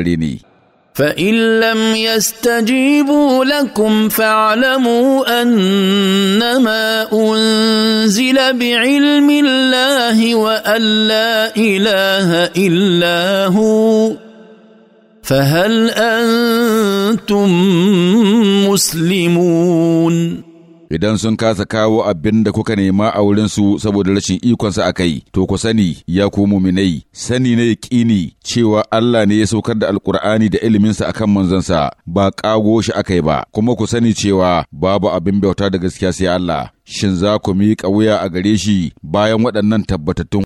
لليني فان لم يستجيبوا لكم فاعلموا انما انزل بعلم الله وان لا اله الا هو فهل انتم مسلمون idan sun kasa kawo abin da kuka nema a wurinsu saboda rashin ikonsa a kai, to ku sani ya ku muminai, sani na yaƙini cewa Allah ne ya saukar da Alƙur'ani da iliminsa akan manzansa ba ƙago shi kai ba, kuma ku sani cewa babu abin bauta da gaskiya sai Allah. Shin za ku miƙa wuya a gare shi bayan waɗannan tabbatattun